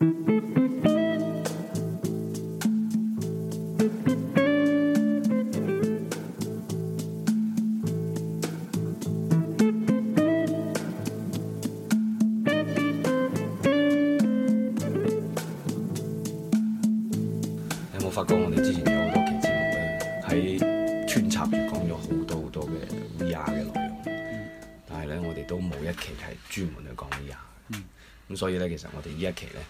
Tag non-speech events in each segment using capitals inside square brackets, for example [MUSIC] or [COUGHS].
嗯、有冇發覺我哋之前有好多期節目咧，喺穿插住講咗好多好多嘅 VR 嘅內容，嗯、但係咧我哋都冇一期係專門去講 VR。咁、嗯、所以咧，其實我哋呢一期咧。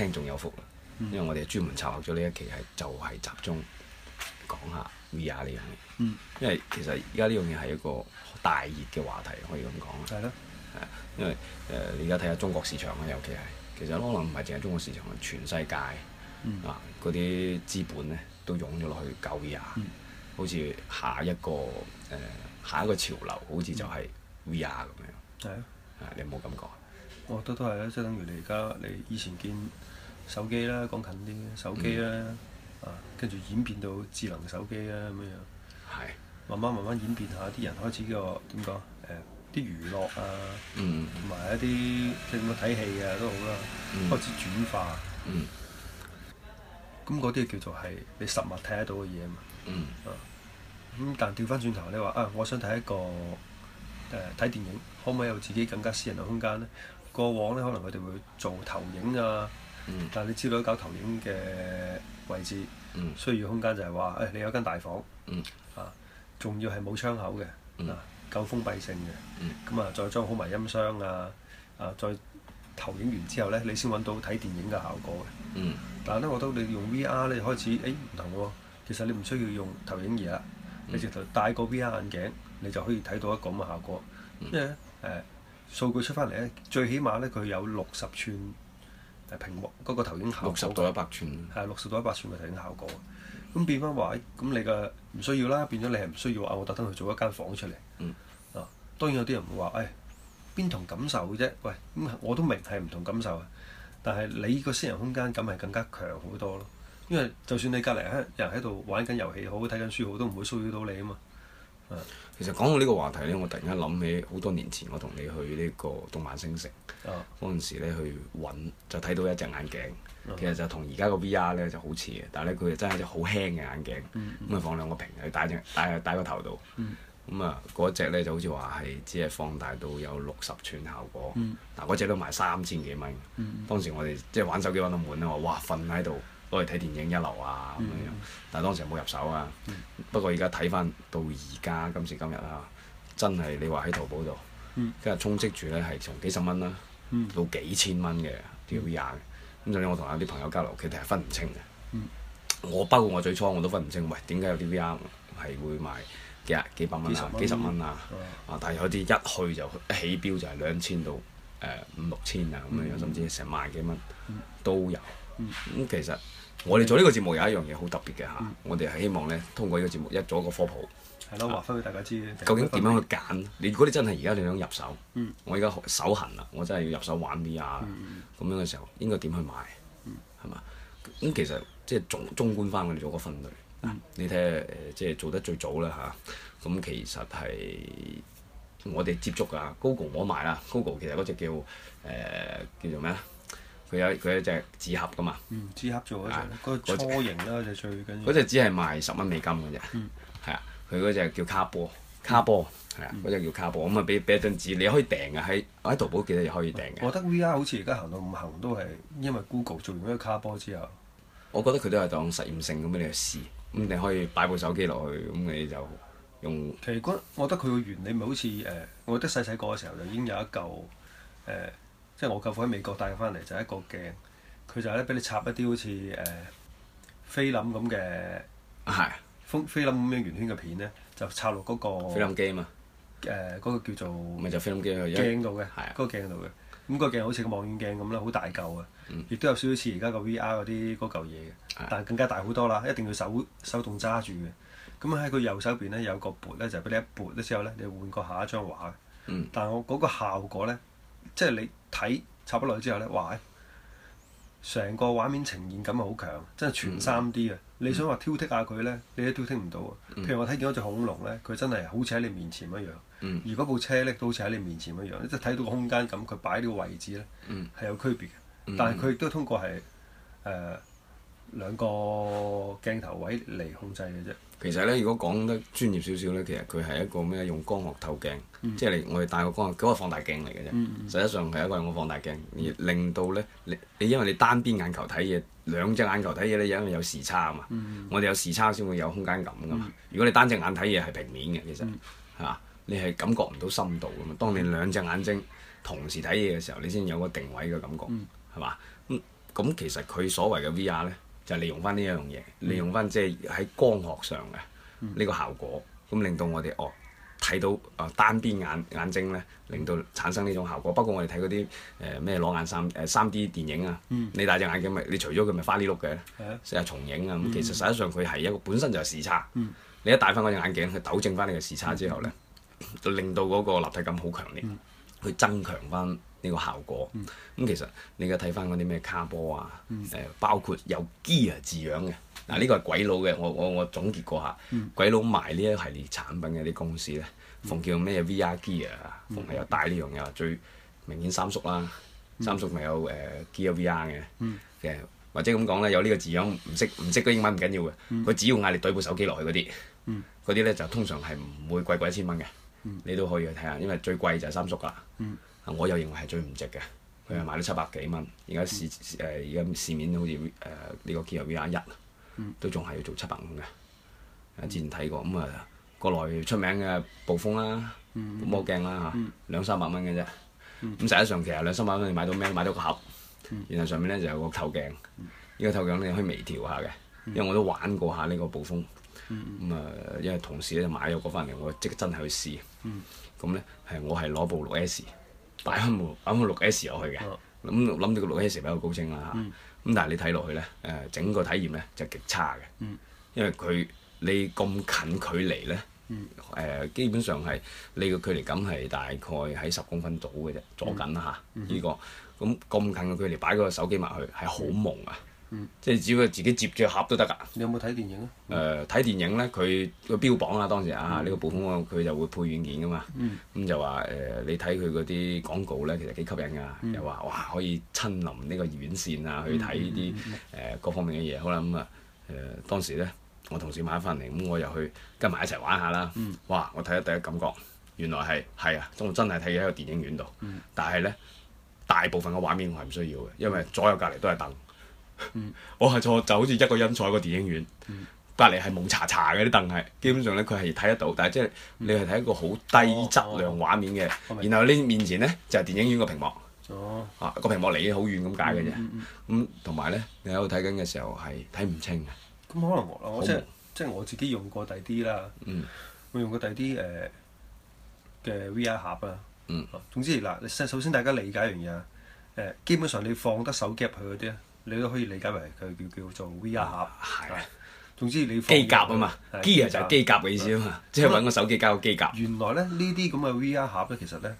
聽眾有福啦，嗯、因為我哋專門策劃咗呢一期係就係集中講下 VR 呢樣嘢，嗯、因為其實而家呢樣嘢係一個大熱嘅話題，可以咁講。係咯的，係啊，因為誒、呃，你而家睇下中國市場啦，尤其係其實可能唔係淨係中國市場，全世界、嗯、啊嗰啲資本咧都湧咗落去搞 VR、嗯、好似下一個誒、呃、下一個潮流，好似就係 VR 咁樣。係啊，係你有冇感覺啊？我覺得都係啦，即係等於你而家你以前見。手機啦，講近啲手機啦，嗯、啊，跟住演變到智能手機啦，咁樣樣，係慢慢慢慢演變下，啲人開始個點講誒啲娛樂啊，同埋、嗯、一啲即係點樣睇戲啊都好啦，嗯、開始轉化，咁嗰啲叫做係你實物睇得到嘅嘢啊嘛，嗯咁、啊、但係調翻轉頭，你話啊，我想睇一個誒睇、呃、電影，可唔可以有自己更加私人嘅空間呢？過往呢，可能佢哋會做投影啊。啊啊。但係你知道搞投影嘅位置，需要空間就係話，誒你有間大房，啊，仲要係冇窗口嘅，啊，夠封閉性嘅，咁啊再裝好埋音箱啊，啊再投影完之後咧，你先揾到睇電影嘅效果嘅。但係咧，我覺得你用 VR 咧開始，誒唔同喎，其實你唔需要用投影儀啦，你直頭戴個 VR 眼鏡，你就可以睇到一個咁嘅效果，因為誒數據出翻嚟咧，最起碼咧佢有六十寸。誒屏幕嗰、那個投影效果，係六十到一百寸嘅投影效果。咁變翻話，咁你嘅唔需要啦，變咗你係唔需要啊！我特登去做一間房出嚟。啊、嗯，當然有啲人會話，誒、哎、邊同感受嘅啫？喂，咁我都明係唔同感受啊。但係你個私人空間感係更加強好多咯。因為就算你隔離有人喺度玩緊遊戲好、睇緊書好，都唔會騷擾到你啊嘛。其實講到呢個話題呢，我突然間諗起好多年前我同你去呢個動漫星城嗰陣、uh huh. 時呢，去揾就睇到一隻眼鏡，uh huh. 其實就同而家個 VR 呢就好似嘅，但呢，佢係真係只隻好輕嘅眼鏡，咁啊、uh huh. 放兩個屏去戴戴戴個頭度，咁、uh huh. 啊嗰隻呢就好似話係只係放大到有六十吋效果，嗱嗰隻都賣三千幾蚊，uh huh. 當時我哋即係玩手機玩到悶咧，我話哇瞓喺度。攞嚟睇電影一流啊咁樣樣，但係當時冇入手啊。不過而家睇翻到而家今時今日啊，真係你話喺淘寶度，跟日充斥住咧係從幾十蚊啦，到幾千蚊嘅 DVR。咁甚至我同有啲朋友交流，佢哋係分唔清嘅。我包括我最初我都分唔清，喂，點解有 DVR 係會賣幾啊幾百蚊啊幾十蚊啊？但係有啲一去就起標就係兩千到誒五六千啊咁樣樣，甚至成萬幾蚊都有。咁其實～ [NOISE] 我哋做呢個節目有一樣嘢好特別嘅嚇，嗯、我哋係希望咧通過呢個節目一做一個科普，係咯、嗯，話翻俾大家知，大家知究竟點樣去揀？你如果你真係而家你想入手，嗯、我而家手痕啦，我真係要入手玩咩啊？咁、嗯、樣嘅時候應該點去買？係嘛、嗯？咁其實即係中總觀翻我哋做個分類，嗯、你睇下誒，即係做得最早啦嚇。咁、啊啊、其實係我哋接觸啊，Google 我買啦，Google 其實嗰隻叫誒、呃、叫做咩咧？佢有佢一隻紙盒噶嘛？嗯，紙盒做嗰隻，嗰的個初型咯，就最緊要。嗰隻只係賣十蚊美金嘅啫。嗯。係啊，佢嗰隻叫卡波，卡波係啊，嗰隻、嗯嗰個、叫卡波。咁啊，俾俾一張紙，你可以訂嘅，喺喺淘寶，記得又可以訂嘅。我覺得 V R 好似而家行到五行都係因為 Google 做完嗰個卡波之後。我覺得佢都係當實驗性咁俾你去試，咁你可以擺部手機落去，咁你就用。其實我覺得佢個原理咪好似誒、欸，我覺得細細個嘅時候就已經有一嚿誒。欸欸欸欸欸即係我舅父喺美國帶翻嚟就係、一個鏡，佢就咧俾你插一啲好似誒菲林咁嘅，係，菲菲林咁樣圓圈嘅片咧子、啊，就插落嗰、嗰個菲林機啊，誒嗰、呃嗰個叫做，咪就菲林機啊，鏡度嘅，嗰個鏡度嘅，咁、啊、個鏡好似個望遠鏡咁啦，好大嚿啊，亦、嗯、都有少少似而家個 VR 嗰啲嗰嚿嘢，啊、但係更加大好多啦，一定要手手動揸住嘅，咁喺佢右手邊咧有個撥咧就俾、是、你一撥咧之後咧你換過下一張畫，嗯、但係我嗰個效果咧。即係你睇插不落去之後呢，哇！成個畫面呈現感好強，真係全三 D 啊！嗯、你想話挑剔下佢呢，你都挑剔唔到。嗯、譬如我睇見嗰隻恐龍呢，佢真係好似喺你面前一樣。嗯、而嗰部車呢，都好似喺你面前一樣，即係睇到個空間咁，佢擺呢個位置呢，係、嗯、有區別嘅。但係佢亦都通過係誒、呃、兩個鏡頭位嚟控制嘅啫。其實咧，如果講得專業少少咧，其實佢係一個咩用光學透鏡，嗯、即係我哋戴個光學，嗰、那個放大鏡嚟嘅啫。嗯嗯、實際上係一個用個放大鏡，而令到咧你你因為你單邊眼球睇嘢，兩隻眼球睇嘢咧，因為有時差啊嘛。嗯、我哋有時差先會有空間感噶嘛。嗯、如果你單隻眼睇嘢係平面嘅，其實係嘛、嗯，你係感覺唔到深度噶嘛。當你兩隻眼睛同時睇嘢嘅時候，你先有個定位嘅感覺，係嘛、嗯？咁咁、嗯嗯、其實佢所謂嘅 VR 咧。呢就利用翻呢一樣嘢，利用翻即係喺光學上嘅呢個效果，咁令到我哋哦睇到啊單邊眼眼睛咧，令到產生呢種效果。不過我哋睇嗰啲誒咩裸眼三誒三 D 電影啊，你戴隻眼鏡咪，你除咗佢咪花呢碌嘅，成日重影啊。咁其實實際上佢係一個本身就係視差，你一戴翻嗰隻眼鏡，佢糾正翻你嘅視差之後咧，就令到嗰個立體感好強烈，去增強翻。呢個效果咁其實你而家睇翻嗰啲咩卡波啊，誒包括有 gear 字樣嘅嗱，呢個係鬼佬嘅。我我我總結過下，鬼佬賣呢一系列產品嘅啲公司咧，逢叫咩 VR gear，啊，逢係有戴呢樣嘢，最明顯三叔啦，三叔咪有誒 gear VR 嘅嘅，或者咁講咧，有呢個字樣唔識唔識英文唔緊要嘅，佢只要嗌你懟部手機落去嗰啲，嗰啲咧就通常係唔會貴過一千蚊嘅，你都可以去睇下，因為最貴就係三叔啦。我又認為係最唔值嘅，佢係買咗七百幾蚊。而家市誒而家市面都好似誒呢個 Gear V R 一都仲係要做七百五嘅。誒之前睇過咁啊，國內出名嘅暴風啦、魔鏡啦嚇，兩三百蚊嘅啫。咁實際上其實兩三百蚊你買到咩？買到個盒，然後上面咧就有個透鏡。呢個透鏡你可以微調下嘅，因為我都玩過下呢個暴風。咁啊，因為同事咧就買咗個翻嚟，我即真係去試。咁咧係我係攞部六 S。擺開部，擺開六 S 入去嘅，諗諗好到個六 S 比較高清啦嚇，咁、嗯、但係你睇落去咧，誒、呃、整個體驗咧就係、極差嘅，嗯、因為佢你咁近距離咧，誒、嗯呃、基本上係你個距離感係大概喺十公分左右嘅啫，左緊啦呢依個咁咁近嘅距離擺嗰個手機埋去係好朦啊！嗯。即係只要過自己接住盒都得㗎。你有冇睇電影啊？誒，睇電影咧，佢個標榜啊，當時啊，呢個暴風佢就會配軟件㗎嘛。咁就話誒，你睇佢嗰啲廣告咧，其實幾吸引㗎，又話哇可以親臨呢個院線啊，去睇呢啲誒各方面嘅嘢，好啦咁啊誒。當時咧，我同事買翻嚟咁，我入去跟埋一齊玩下啦。嗯。哇！我睇咗第一感覺，原來係係啊，我真係睇喺個電影院度。但係咧，大部分嘅畫面我係唔需要嘅，因為左右隔離都係凳。我係錯，就好似一個音彩個電影院，隔籬係矇查查嘅啲凳係，基本上咧佢係睇得到，但係即係你係睇一個好低質量畫面嘅，然後呢面前咧就係電影院個屏幕，啊個屏幕離得好遠咁解嘅啫，咁同埋咧你喺度睇緊嘅時候係睇唔清嘅。咁可能我我即係即係我自己用過第啲啦，我用過第啲誒嘅 VR 盒啊，總之嗱首先大家理解一樣嘢啊，誒基本上你放得手機入去嗰啲啊。你都可以理解為佢叫叫做 VR 盒，係、啊。啊、總之你機甲嘛啊嘛，gear 就係機甲嘅意思啊嘛，即係揾個手機交個機甲。原來咧呢啲咁嘅 VR 盒咧，其實咧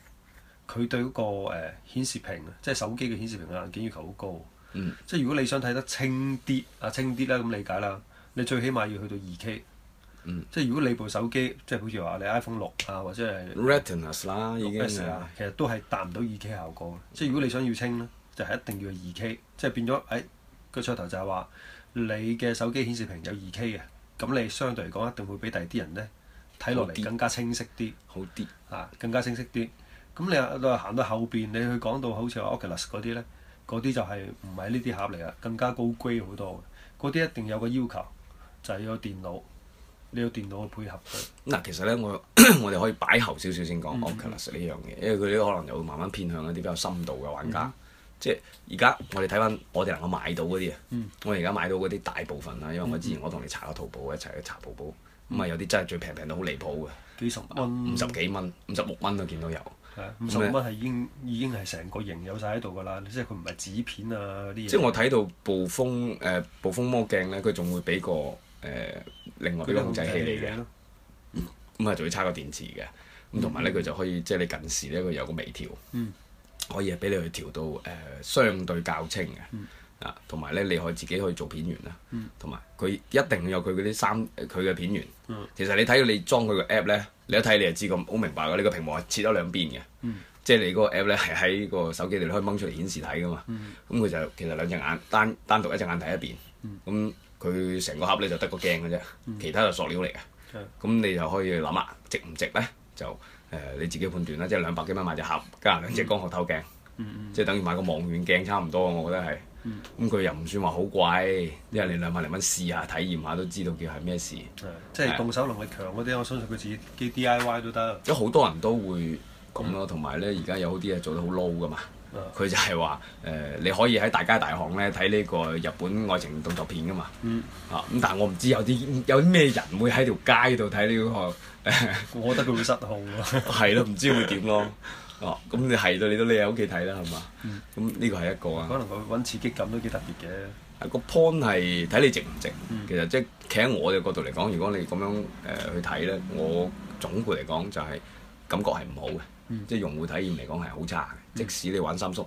佢對嗰、那個誒、呃、顯示屏，即係手機嘅顯示屏嘅硬件要求好高。嗯、即係如果你想睇得清啲，啊清啲啦咁理解啦，你最起碼要去到 2K、嗯。即係如果你部手機，即係好似話你 iPhone 六啊，或者係 Retina 啦，已經其實都係達唔到 2K 效果。即係如果你想要清咧。就一定要二 K，即係變咗，誒個噱頭就係話你嘅手機顯示屏有二 K 嘅，咁你相對嚟講一定會比第二啲人咧睇落嚟更加清晰啲，好啲些些啊，更加清晰啲。咁你又行到後邊，你去講到好似話 Oculus 嗰啲咧，嗰啲就係唔係呢啲盒嚟啊？更加高級好多，嗰啲一定有個要求，就係、係、要有電腦，你有電腦去配合佢。嗱，其實咧，我咳咳我哋可以擺後少少先講 Oculus 呢樣嘢、嗯，因為佢啲可能又會慢慢偏向一啲比較深度嘅玩家。即係而家我哋睇翻，我哋能夠買到嗰啲啊！我哋而家買到嗰啲大部分啦，因為我之前我同你查過淘寶，一齊去查淘寶,寶，咁啊、嗯、有啲真係最平平到好離譜嘅，幾十蚊、五十幾蚊、五十六蚊都見到有。五十六蚊係已經已經係成個型有晒喺度㗎啦，即係佢唔係紙片啊啲嘢。即係我睇到暴風誒、呃、暴風魔鏡咧，佢仲會俾個誒、呃、另外呢個控制器嚟嘅，咁唔仲要插個電池嘅，咁同埋咧佢就可以即係你近視咧佢有個微調。嗯嗯可以啊，俾你去調到誒、呃、相對較清嘅啊，同埋咧，你可以自己去做片源啦，同埋佢一定有佢嗰啲三佢嘅片源。嗯、其實你睇到你裝佢、嗯、個 app 咧，你一睇你就知咁好明白嘅。呢個屏幕係切咗兩邊嘅，即係你嗰個 app 咧係喺個手機裏可以掹出嚟顯示睇噶嘛。咁佢、嗯、就其實兩隻眼單單獨一隻眼睇一邊。咁佢成個盒咧就得個鏡嘅啫，其他就塑料嚟嘅。咁、嗯嗯、你就可以諗下值唔值咧就？誒、呃、你自己判斷啦，即係兩百幾蚊買隻盒加兩隻光學透鏡，嗯嗯嗯、即係等於買個望遠鏡差唔多，我覺得係。咁佢、嗯嗯嗯、又唔算話好貴，因為你兩百零蚊試下體驗下都知道叫係咩事。嗯、是即係動手能力強嗰啲，我相信佢自己嘅 DIY 都得。即好多人都會咁咯，同埋咧，而家有啲嘢做得好 low 噶嘛。佢、嗯、就係話誒，你可以喺大街大巷咧睇呢個日本愛情動作片噶嘛。啊、嗯，咁、嗯、但係我唔知有啲有啲咩人會喺條街度睇呢個誒，哎、odo，我覺得佢會失控咯、啊。係咯，唔知會點咯、啊。嗯、哦，咁你係到你都匿喺屋企睇啦，係嘛？咁呢、嗯嗯嗯這個係一個，個 nectar，啊。可能佢搵刺激感都幾特別嘅。個 point 係睇你值唔值。其實即係企喺我嘅角度嚟講，如果你咁樣誒去睇咧，我總括嚟講就係感覺係唔好嘅，嗯、即係用戶體驗嚟講係好差。即使你玩三叔，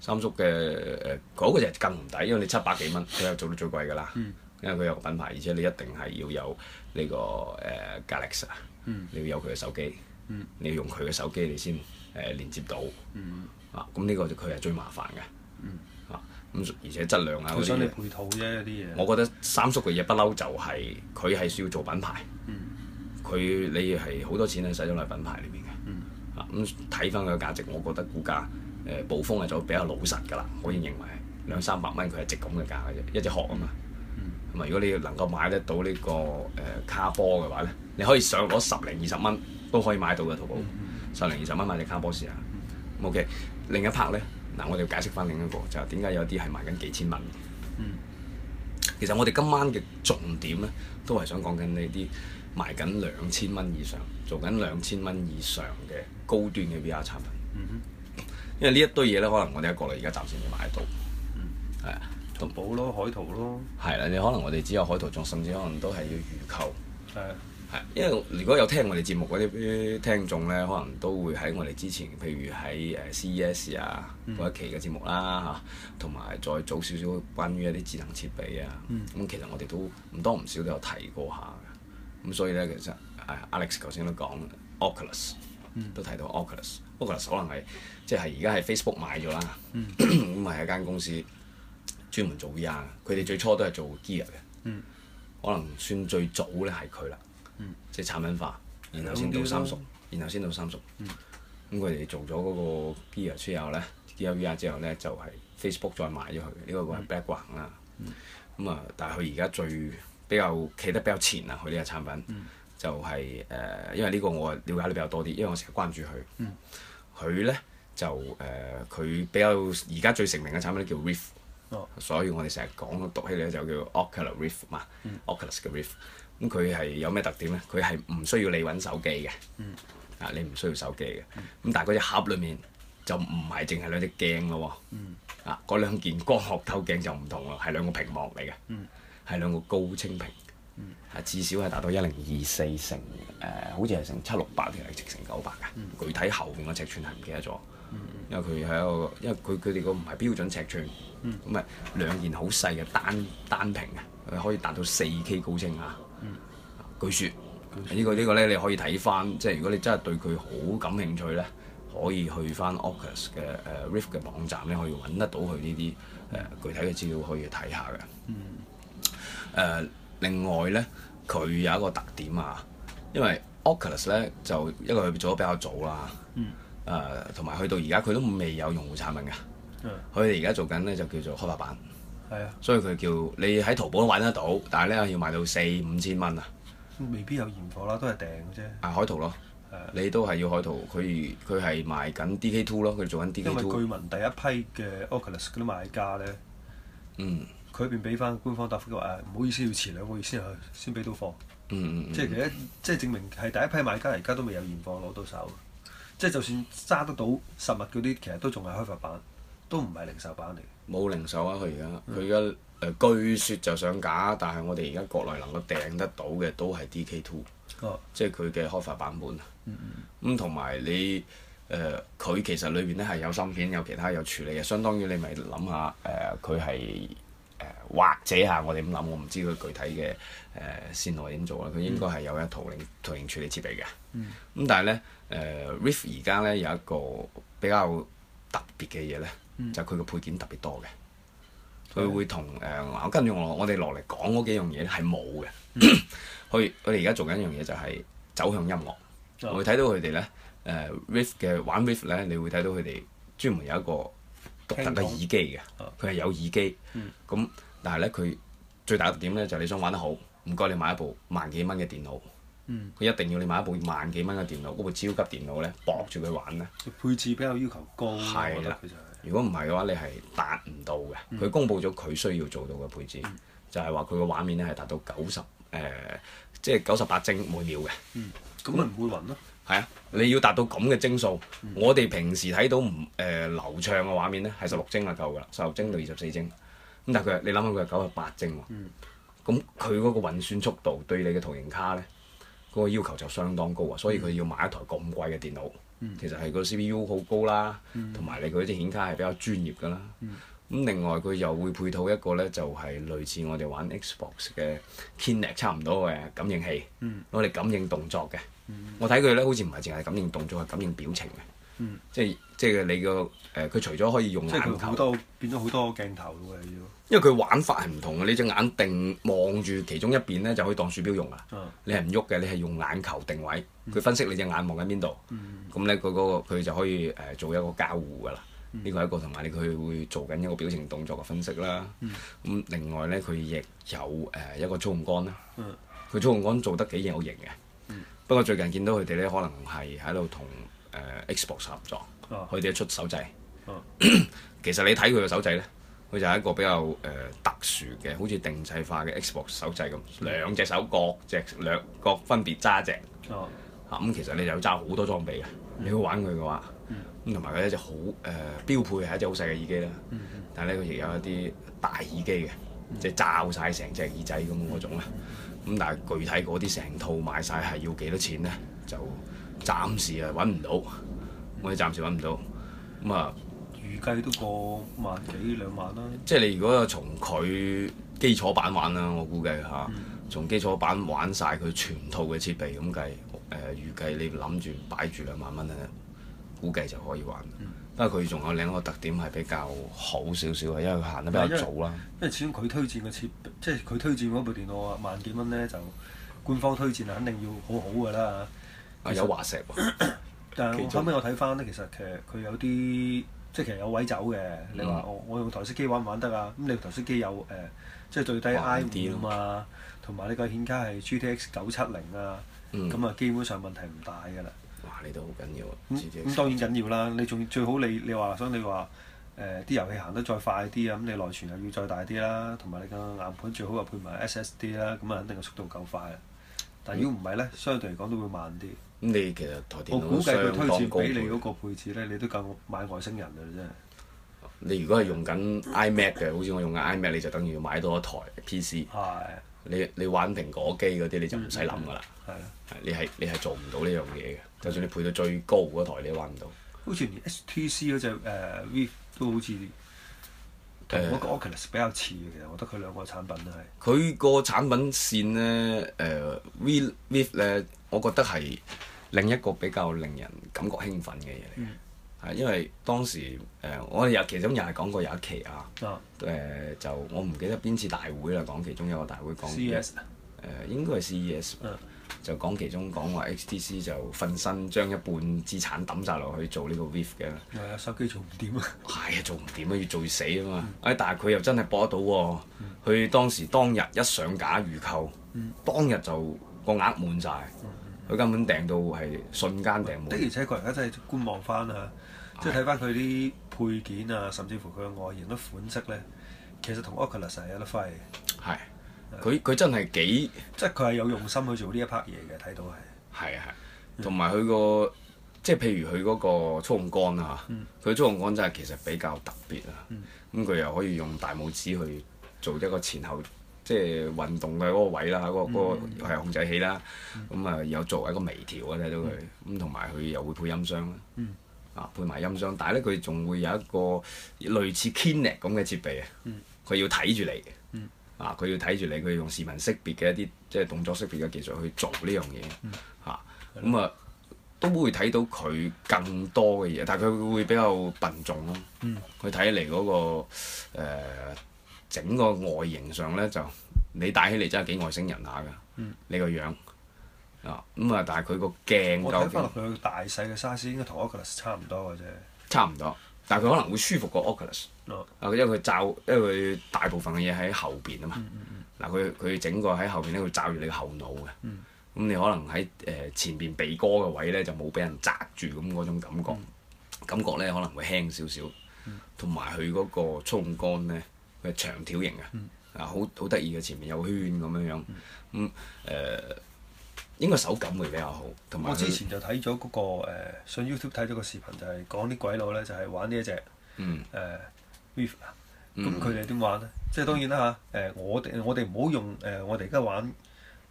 三叔嘅誒嗰個就更唔抵，因為你七百幾蚊，佢又做到最貴噶啦。因為佢有個品牌，而且你一定係要有呢個誒 Galaxy，你要有佢嘅手機，你要用佢嘅手機你先誒連接到啊。咁呢個就佢係最麻煩嘅啊。咁而且質量啊，我想你配套啫啲嘢。我覺得三叔嘅嘢不嬲就係佢係需要做品牌，佢你係好多錢喺使咗喺品牌裏邊。咁睇翻佢價值，我覺得股價誒、呃、暴風係就比較老實噶啦，我已經認為兩三百蚊佢係值咁嘅價嘅啫，一隻殼啊嘛。咁啊、嗯，如果你能夠買得到呢、這個誒、呃、卡波嘅話咧，你可以上攞十零二十蚊都可以買到嘅，淘寶、嗯、十零二十蚊買隻卡波試下、嗯嗯。OK，另一 part 咧，嗱我哋要解釋翻另一個就係點解有啲係賣緊幾千蚊。嗯，嗯其實我哋今晚嘅重點咧，都係想講緊呢啲。賣緊兩千蚊以上，做緊兩千蚊以上嘅高端嘅 VR 產品。嗯、哼因為呢一堆嘢呢，可能我哋喺國內而家暫時未買到。嗯。係啊的，淘寶咯，海淘咯。係啦，你可能我哋只有海淘仲，甚至可能都係要預購。係、嗯。係，因為如果有聽我哋節目嗰啲聽眾呢，可能都會喺我哋之前，譬如喺誒 CES 啊嗰一期嘅節目啦嚇，同埋、嗯、再早少少關於一啲智能設備啊，咁、嗯、其實我哋都唔多唔少都有提過下。咁、嗯、所以咧，其實阿、哎、Alex 頭先都講 Oculus，、嗯、都提到 Oculus，Oculus 可能係即係而家係 Facebook 買咗啦，咁係一間公司專門做 VR 佢哋最初都係做 Gear 嘅，嗯、可能算最早咧係佢啦，即係、嗯、產品化，然後先到三熟、嗯，然後先到三熟、嗯。咁佢哋做咗嗰個 Gear 之後咧，Gear、VR、之後咧就係、是、Facebook 再買咗佢，呢、這個係 background 啦。咁啊、嗯，但係佢而家最比較企得比較前啊！佢呢個產品、嗯、就係、是、誒、呃，因為呢個我瞭解得比較多啲，因為我成日關注佢。佢咧、嗯、就誒，佢、呃、比較而家最成名嘅產品咧叫 Rift，所以我哋成日講讀起嚟就叫 Oculus Rift 嘛、嗯、Oculus 嘅 Rift，咁佢係有咩特點咧？佢係唔需要你揾手機嘅，嗯、啊你唔需要手機嘅。咁、嗯、但係嗰隻盒裏面就唔係淨係兩隻鏡咯喎，啊嗰兩件光學透鏡，鏡就唔同咯，係兩個屏幕嚟嘅。嗯嗯係兩個高清屏，係至少係達到一零二四乘誒、呃，好似係成七六八定係成九八噶。具體後邊個尺寸係唔記得咗。嗯嗯、因為佢係一個，因為佢佢哋個唔係標準尺寸，咁咪兩件好細嘅單單屏嘅，可以達到四 K 高清呀。嗯、據說呢、嗯這個這個呢個咧，你可以睇翻，即係如果你真係對佢好感興趣咧，可以去翻 Oculus 嘅誒、uh, Rift 嘅網站咧，可以揾得到佢呢啲誒具體嘅資料可以睇下嘅。嗯嗯。誒、呃、另外咧，佢有一個特點啊，因為 Oculus 咧就因為佢做得比較早啦，嗯，同埋、呃、去到而家佢都未有用戶產品嘅，佢哋而家做緊咧就叫做開發版，係啊，所以佢叫你喺淘寶都揾得到，但係咧要賣到四五千蚊啊，未必有現貨啦，都係訂嘅啫，啊海淘咯，啊、你都係要海淘，佢如佢係賣緊 DK Two 咯，佢做緊 DK Two，因為據聞第一批嘅 Oculus 嗰啲買家咧，嗯。佢邊俾翻官方答覆嘅話，誒、啊、唔好意思，要遲兩個月先去，先俾到貨、嗯。嗯嗯，即係其實，即係證明係第一批買家，而家都未有現貨攞到手。即係就算揸得到實物嗰啲，其實都仲係開發版，都唔係零售版嚟。冇零售啊！佢而家，佢而家誒據説就上架，但係我哋而家國內能夠訂得到嘅都係 DK Two。即係佢嘅開發版本。嗯，咁同埋你誒，佢、呃、其實裏邊咧係有芯片，有其他有處理嘅，相當於你咪諗下誒，佢、呃、係。呃或者嚇，我哋咁諗，我唔知佢具體嘅誒線路點做啦。佢應該係有一圖圖形處理設備嘅。嗯。咁但係咧，誒 Riff 而家咧有一個比較特別嘅嘢咧，就係佢嘅配件特別多嘅。佢會同誒，跟住我我哋落嚟講嗰幾樣嘢咧係冇嘅。去我哋而家做緊一樣嘢，就係走向音樂。我哋睇到佢哋咧，誒 Riff 嘅玩 Riff 咧，你會睇到佢哋專門有一個獨特嘅耳機嘅。佢係有耳機。咁但係咧，佢最大嘅點咧，就係、你想玩得好，唔該你買一部萬幾蚊嘅電腦。嗯。佢一定要你買一部萬幾蚊嘅電腦，嗰部超級電腦咧，駁住佢玩咧。配置比較要求高。係啦的。如果唔係嘅話，你係達唔到嘅。佢公佈咗佢需要做到嘅配置，嗯、就係話佢個畫面咧係達到九十誒，即係九十八幀每秒嘅。嗯。咁咪唔會暈咯？係啊！你要達到咁嘅幀數，嗯、我哋平時睇到唔誒、呃、流暢嘅畫面咧，係十六幀就夠㗎啦，十六幀到二十四幀。咁但佢，你諗下佢係九十八正喎。咁佢嗰個運算速度對你嘅圖形卡咧，嗰個要求就相當高啊。所以佢要買一台咁貴嘅電腦，其實係個 C P U 好高啦，同埋你嗰啲顯卡係比較專業㗎啦。咁另外佢又會配套一個咧，就係類似我哋玩 Xbox 嘅 Kinect 差唔多嘅感應器，攞嚟感應動作嘅。我睇佢咧好似唔係淨係感應動作，係感應表情嘅，即係即係你個誒。佢除咗可以用眼球都變咗好多鏡頭㗎。因為佢玩法係唔同嘅，你隻眼定望住其中一邊咧，就可以當鼠標用啦。你係唔喐嘅，你係用眼球定位，佢分析你隻眼望緊邊度。咁咧，佢嗰個佢就可以誒做一個交互噶啦。呢個係一個，同埋你佢會做緊一個表情動作嘅分析啦。咁另外咧，佢亦有誒一個操控杆啦。佢操控杆做得幾型好型嘅。不過最近見到佢哋咧，可能係喺度同誒 Xbox 合作，佢哋一出手掣。其實你睇佢嘅手掣咧。佢就係一個比較誒、呃、特殊嘅，好似定制化嘅 Xbox 手掣咁，兩隻手各隻兩，各分別揸一隻。哦。咁、嗯、其實你就有揸好多裝備嘅，你要玩佢嘅話。咁同埋佢一隻好誒標配係一隻好細嘅耳機啦。但係咧，佢亦有一啲大耳機嘅，即係罩晒成隻耳仔咁嗰種咁、嗯嗯嗯、但係具體嗰啲成套買晒係要幾多錢咧？就暫時係揾唔到，我哋暫時揾唔到。咁、嗯、啊。嗯嗯嗯嗯預計都過萬幾兩萬啦，即係你如果從佢基礎版玩啦，我估計嚇，啊嗯、從基礎版玩晒佢全套嘅設備咁計，誒預、呃、計你諗住擺住兩萬蚊咧，估計就可以玩。不過佢仲有另一個特點係比較好少少嘅，因為佢行得比較早啦。因為始終佢推薦嘅設，即係佢推薦嗰部電腦啊，萬幾蚊咧就官方推薦，肯定要好好㗎啦啊，是有華碩喎。但係後尾我睇翻咧，其實其實佢有啲。即其實有位走嘅，你話我我用台式機玩唔玩得啊？咁你用台式機有誒、呃，即係最低 I 五啊嘛，同埋你個顯卡係 GTX 九七零啊，咁啊、嗯、基本上問題唔大㗎啦。哇！你都好緊要啊。咁、嗯嗯、當然緊要啦，你仲最好你你話想你話誒啲遊戲行得再快啲啊，咁你內存又要再大啲啦，同埋你個硬盤最好又配埋 SSD 啦，咁啊肯定個速度夠快啦。但如果唔係咧，相對嚟講都會慢啲。咁你其實台電腦相對講，我估計佢推薦俾你嗰個配置咧，配你都夠買外星人㗎啦真係。你如果係用緊 iMac 嘅，好似我用緊 iMac，你就等於要買多一台 PC。係的。你你玩蘋果機嗰啲你就唔使諗㗎啦。係的。你係你係做唔到呢樣嘢嘅，就算你配到最高嗰台你都玩唔到。好似連 HTC 嗰隻、呃、V 都好似。我覺得 Oculus 比較似嘅，其實我覺得佢兩個產品都係。佢個產品線咧，誒、呃、V，V 咧、呃，我覺得係另一個比較令人感覺興奮嘅嘢嚟。係、嗯、因為當時誒、呃，我有其中又係講過有一期啊。啊、呃。就我唔記得邊次大會啦，講其中一個大會講。CES。誒，應該係 CES。啊。就講其中講話 HTC 就瞓身將一半資產抌晒落去做呢個 Vive 嘅。係 [NOISE] 啊，手機做唔掂啊。係 [LAUGHS] 啊、哎，做唔掂啊，越做越死啊嘛。 [NOISE] 哎，但係佢又真係博得到喎、啊。佢當時當日一上架預購， [NOISE] [NOISE] 當日就個額滿晒。佢 [NOISE] [NOISE] 根本訂到係瞬間訂滿。 [NOISE] 而且佢而家真係觀望翻啊，即係睇翻佢啲配件啊，甚至乎佢嘅外形、啲款式咧，其實同 Oculus 係有得揮嘅。佢佢真係幾，即係佢係有用心去做呢一 part 嘢嘅，睇到係。係啊係，同埋佢個即係譬如佢嗰個操控杆啊，佢、嗯、操控杆真係其實比較特別啊。咁佢、嗯、又可以用大拇指去做一個前後即係運動嘅嗰個位啦嚇，嗰、嗰個係、嗯、控制器啦。咁啊有作為一個微調啊，睇到佢咁同埋佢又會配音箱啦。嗯、啊配埋音箱，但係咧佢仲會有一個類似 Kinect 咁嘅設備啊。佢、嗯、要睇住你。啊！佢要睇住你，佢要用視頻識別嘅一啲即係動作識別嘅技術去做呢樣嘢嚇，咁、嗯、啊的都會睇到佢更多嘅嘢，但係佢會比較笨重咯。佢睇、嗯、起嚟嗰、那個、呃、整個外形上咧就你戴起嚟真係幾外星人下㗎，嗯、你個樣啊咁啊！但係佢個鏡我睇翻落去大細嘅 size 應該同 Oculus 差唔多嘅啫，差唔多。但係佢可能會舒服過 Oculus 啊、哦，因為佢罩，因為佢大部分嘅嘢喺後邊啊嘛。嗱、嗯，佢、嗯、佢整個喺後邊咧，佢罩住你後腦嘅。咁、嗯、你可能喺誒、呃、前邊鼻哥嘅位咧，就冇俾人擲住咁嗰種感覺，嗯、感覺咧可能會輕少少。同埋佢嗰個充杆咧，佢長條形嘅，嗯、啊好好得意嘅，前面有圈咁樣樣咁誒。嗯嗯呃應該手感會比較好，同埋我之前就睇咗嗰個、呃、上 YouTube 睇咗個視頻、就是，就係講啲鬼佬咧，就係玩呢一隻誒 VR，咁佢哋點玩咧？嗯、即係當然啦嚇，誒、呃、我哋我哋唔好用誒、呃、我哋而家玩誒、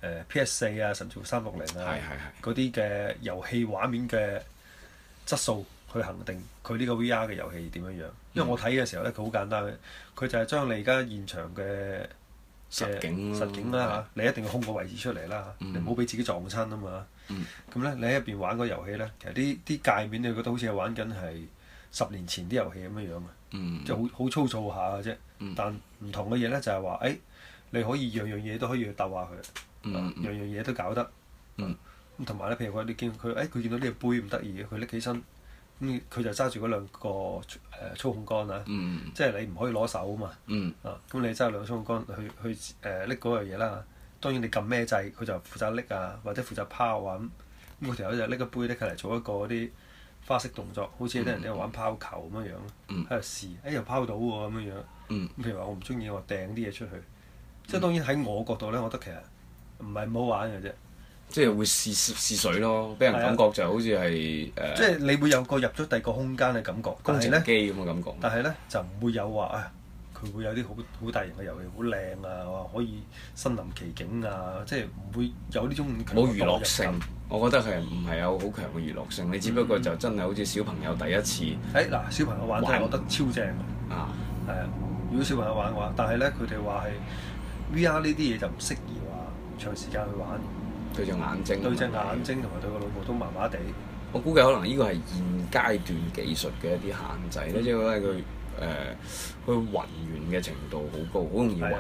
呃、PS 四啊，甚至乎三六零啊，嗰啲嘅遊戲畫面嘅質素去衡定佢呢個 VR 嘅遊戲點樣樣。因為我睇嘅時候咧，佢好簡單，佢就係將你而家現場嘅。實、實景啦嚇，你一定要空個位置出嚟啦嚇，嗯、你唔好俾自己撞親啊嘛咁咧，嗯、你喺入邊玩個遊戲咧，其實啲啲界面你覺得好似係玩緊係十年前啲遊戲咁樣樣嘅，即係好好粗糙下嘅啫。嗯、但唔同嘅嘢咧就係話，誒、哎、你可以樣樣嘢都可以去鬥下佢，嗯嗯、樣樣嘢都搞得。咁同埋咧，譬如話你見佢誒，佢、哎、見到呢個杯唔得意嘅，佢拎起身。咁佢、嗯、就揸住嗰兩個操控杆啦，嗯、即係你唔可以攞手啊嘛。啊、嗯，咁、嗯、你揸兩個操控杆去去誒拎嗰樣嘢啦。當然你撳咩掣，佢就負責拎啊，或者負責拋啊咁。咁個條友就拎個杯拎佢嚟做一個嗰啲花式動作，好似啲人喺度玩拋球咁樣樣。喺度試，哎又拋到喎咁樣樣。嗯、譬如話我唔中意，我掟啲嘢出去。即係當然喺我角度咧，我覺得其實唔係唔好玩嘅啫。即係會試試水咯，俾人感覺就好似係誒。啊呃、即係你會有個入咗第二個空間嘅感覺，工程機咁嘅感覺。但係咧就唔會有話啊，佢、哎、會有啲好好大型嘅遊戲，好靚啊，可以身臨其境啊，即係唔會有呢種。冇娛樂性，我覺得係唔係有好強嘅娛樂性？嗯、你只不過就真係好似小朋友第一次。誒嗱、哎，小朋友玩都係覺得超正。啊，係啊！如果小朋友玩嘅話，但係咧佢哋話係 VR 呢啲嘢就唔適宜話長時間去玩。對隻眼睛，對隻眼睛同埋對個腦部都麻麻地。我估計可能呢個係現階段技術嘅一啲限制咧，即係佢誒佢暈圓嘅程度好高，好容易暈。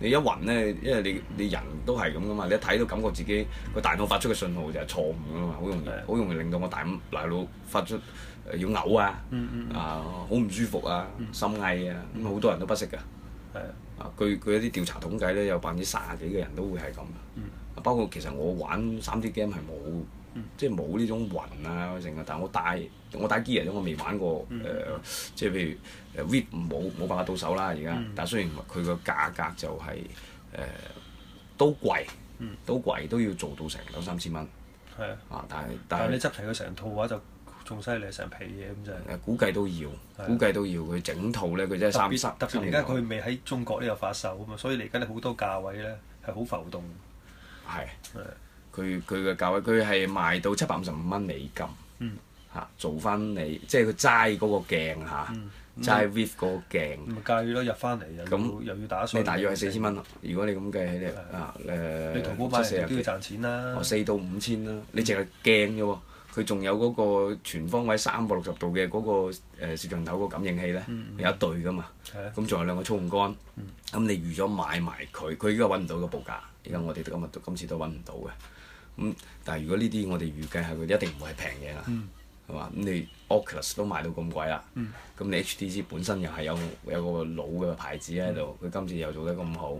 你一暈咧，因為你你人都係咁噶嘛，你一睇都感覺自己個大腦發出嘅信號就係錯誤噶嘛，好容易好容易令到我大腦發出要嘔啊，啊好唔舒服啊，心翳啊，咁好多人都不適噶。係啊。啊，據據一啲調查統計咧，有百分之三十幾嘅人都會係咁。包括其實我玩三 D game 係冇，即係冇呢種暈啊剩啊。但係我戴我戴 gear 我未玩過誒，即係譬如誒 Vib 冇冇辦法到手啦而家。但係雖然佢個價格就係誒都貴，都貴都要做到成兩三千蚊。係啊，但係但係你執齊佢成套嘅話就仲犀利，成皮嘢咁就係估計都要，估計都要佢整套咧。佢真係三三，特別而家佢未喺中國呢度發售啊嘛，所以你而家好多價位咧係好浮動。係，佢佢嘅價位，佢係賣到七百五十五蚊美金，嚇做翻你，即係佢齋嗰個鏡嚇，齋 with 嗰個鏡，咪計咯，入翻嚟咁又要打稅，你大約係四千蚊啦。如果你咁計咧，啊誒，你淘寶都要賺錢啦。哦，四到五千啦，你淨係鏡啫喎，佢仲有嗰個全方位三百六十度嘅嗰個誒攝像頭個感應器咧，有一對噶嘛，咁仲有兩個操控杆，咁你預咗買埋佢，佢依家揾唔到個報價。而家我哋今日今次都揾唔到嘅，咁但係如果呢啲我哋預計係佢一定唔會係平嘢啦，係嘛、嗯？咁你 Oculus 都賣到咁貴啦，咁、嗯、你 HTC 本身又係有有個老嘅牌子喺度，佢、嗯、今次又做得咁好，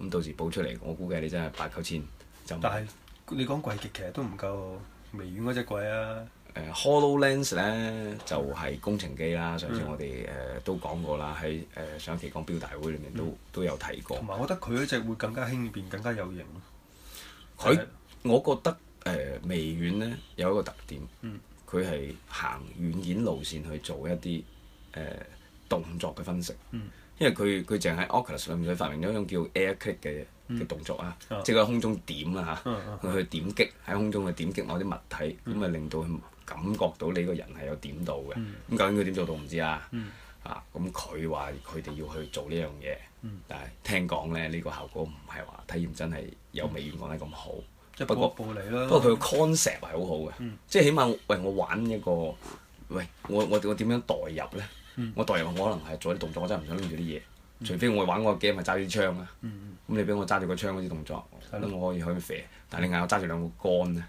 咁到時報出嚟，我估計你真係八九千就。但係你講貴極，其實都唔夠微軟嗰隻貴啊。誒 HoloLens 咧就係工程機啦。上次我哋誒都講過啦，喺誒上期講標大會裡面都都有提過。同埋，我覺得佢嗰隻會更加輕便，更加有型咯。佢我覺得誒微軟咧有一個特點，佢係行軟件路線去做一啲誒動作嘅分析，因為佢佢淨係喺 Oculus 裏面佢發明咗一種叫 Air Click 嘅嘅動作啊，即係佢空中點啊，佢去去點擊喺空中去點擊某啲物體，咁啊令到佢。感覺到你個人係有點到嘅，咁究竟佢點做到唔知啊？啊，咁佢話佢哋要去做呢樣嘢，但係聽講咧，呢個效果唔係話體驗真係有美院講得咁好。不過，不過佢個 concept 係好好嘅，即係起碼喂我玩一個，喂我我我點樣代入咧？我代入我可能係做啲動作，我真係唔想拎住啲嘢，除非我玩個 game 咪揸住啲槍啊。咁你俾我揸住個槍嗰啲動作，咁我可以可以射，但係你嗌我揸住兩個桿咧。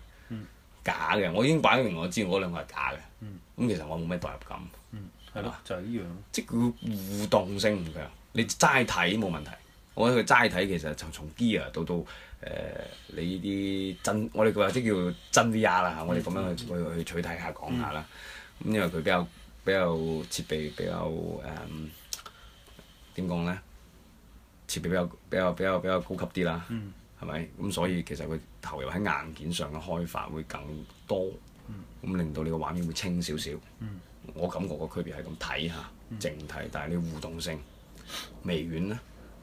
假嘅，我已經擺明我知，我嗰兩個係假嘅。咁、嗯、其實我冇咩代入感。嗯。咯吧。就係呢樣即係佢互動性唔強，你齋睇冇問題。我覺得佢齋睇其實就從 G 啊到到誒、呃、你呢啲真，我哋話即叫真 VR 啦嚇，嗯、我哋咁樣去、嗯、去取睇下講下啦。咁、嗯、因為佢比較比較設備比較誒點講咧？設備比較比較比較比較，比較高級啲啦。嗯係咪？咁所以其實佢投入喺硬件上嘅開發會更多，咁、嗯嗯、令到你個畫面會清少少。嗯、我感覺個區別係咁睇下，靜睇、嗯，但係你互動性微軟咧，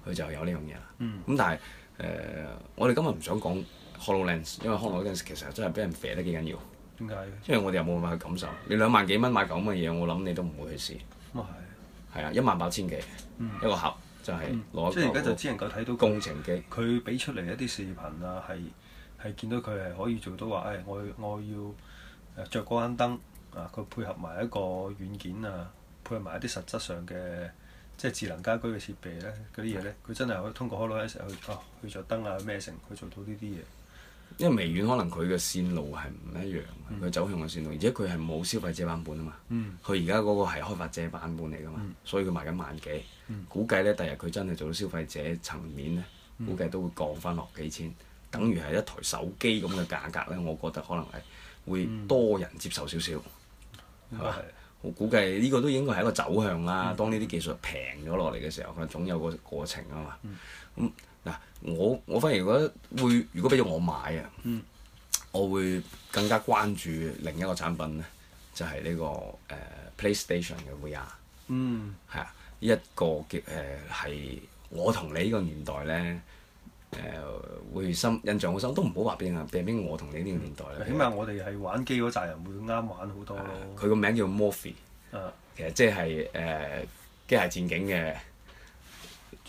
佢就有呢樣嘢啦。咁、嗯嗯、但係誒、呃，我哋今日唔想講 Hololens，因為 Hololens 其實真係俾人肥得幾緊要。點解？因為我哋又冇辦法去感受。你兩萬幾蚊買咁嘅嘢，我諗你都唔會去試。咁啊係啊，一萬八千幾，嗯、一個盒。就係，即係而家就只能夠睇到工程機。佢俾出嚟一啲視頻啊，係係見到佢係可以做到話，誒、哎，我我要著嗰間燈啊，佢、啊、配合埋一個軟件啊，配合埋一啲實質上嘅即係智能家居嘅設備咧，嗰啲嘢咧，佢的真係可以通過 Hello X 去啊去着燈啊，咩成，去做到呢啲嘢。因為微軟可能佢嘅線路係唔一樣，佢走向嘅線路，而且佢係冇消費者版本啊嘛。佢而家嗰個係開發者版本嚟噶嘛，所以佢賣緊萬幾。估計咧，第日佢真係做到消費者層面咧，估計都會降翻落幾千，等於係一台手機咁嘅價格咧。我覺得可能係會多人接受少少，係嘛？我估計呢個都應該係一個走向啦。當呢啲技術平咗落嚟嘅時候，佢總有個過程啊嘛。咁。嗱，我我反而覺得會，如果俾咗我買啊，嗯、我會更加關注另一個產品咧，就係、是、呢、這個誒、呃、PlayStation 嘅 VR，係啊，呢一個叫誒係我同你呢個年代咧誒、呃、會深印象好深，都唔好話比人比邊，我同你呢個年代咧，起碼、嗯、實我哋係玩機嗰扎人會啱玩好多咯。佢個、呃、名叫 Morpheus、啊、其實即係誒機械戰警嘅。